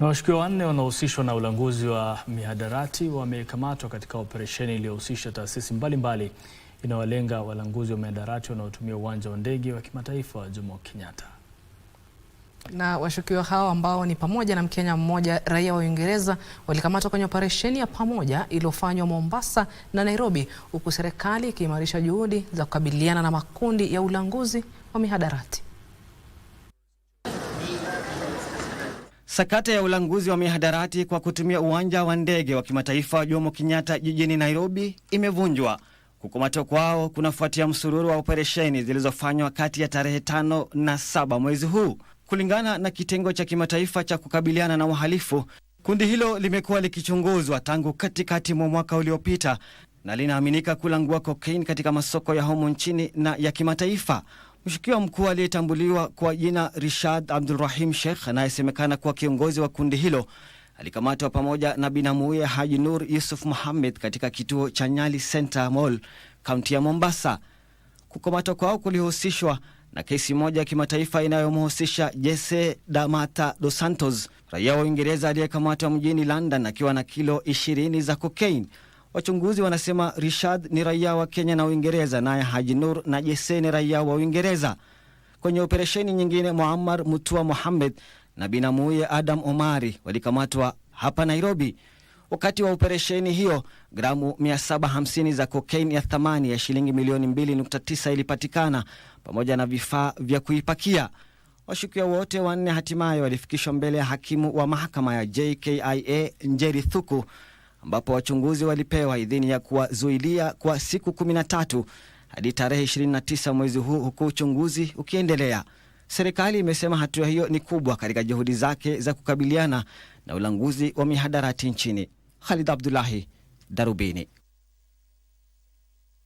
Na washukiwa wanne wanaohusishwa na ulanguzi wa mihadarati wamekamatwa katika operesheni iliyohusisha taasisi mbalimbali inayowalenga walanguzi wa mihadarati wanaotumia uwanja wa ndege wa kimataifa wa Jomo Kenyatta. Na washukiwa hao ambao ni pamoja na Mkenya mmoja raia wa Uingereza walikamatwa kwenye operesheni ya pamoja iliyofanywa Mombasa na Nairobi, huku serikali ikiimarisha juhudi za kukabiliana na makundi ya ulanguzi wa mihadarati. Sakata ya ulanguzi wa mihadarati kwa kutumia uwanja wa ndege wa kimataifa wa Jomo Kenyatta jijini Nairobi imevunjwa. Kukamatwa kwao kunafuatia msururu wa operesheni zilizofanywa kati ya tarehe tano na saba mwezi huu. Kulingana na kitengo cha kimataifa cha kukabiliana na uhalifu, kundi hilo limekuwa likichunguzwa tangu katikati mwa mwaka uliopita na linaaminika kulangua kokaini katika masoko ya humu nchini na ya kimataifa. Mshukiwa mkuu aliyetambuliwa kwa jina Rishad abdul rahim Sheikh anayesemekana kuwa kiongozi wa kundi hilo alikamatwa pamoja na binamuye Haji Nur Yusuf Mohamed katika kituo cha Nyali Center Mall, kaunti ya Mombasa. Kukamatwa kwao kulihusishwa na kesi moja ya kimataifa inayomhusisha Jesse Damata Dos Santos, raia wa Uingereza aliyekamatwa mjini London akiwa na kilo 20 za cocaine. Wachunguzi wanasema Rishad ni raia wa Kenya na Uingereza, naye Haji Nur na Jesse ni raia wa Uingereza. Kwenye operesheni nyingine, Muammar Mutua Mohamed na binamuye Adam Omari walikamatwa hapa Nairobi. Wakati wa operesheni hiyo, gramu 750 za kokaini ya thamani ya shilingi milioni 2.9 ilipatikana pamoja na vifaa vya kuipakia. Washukiwa wote wanne hatimaye walifikishwa mbele ya hakimu wa mahakama ya JKIA Njeri Thuku ambapo wachunguzi walipewa idhini ya kuwazuilia kwa siku 13 hadi tarehe 29 mwezi huu, huku uchunguzi ukiendelea. Serikali imesema hatua hiyo ni kubwa katika juhudi zake za kukabiliana na ulanguzi wa mihadarati nchini. Khalid Abdullahi, Darubini.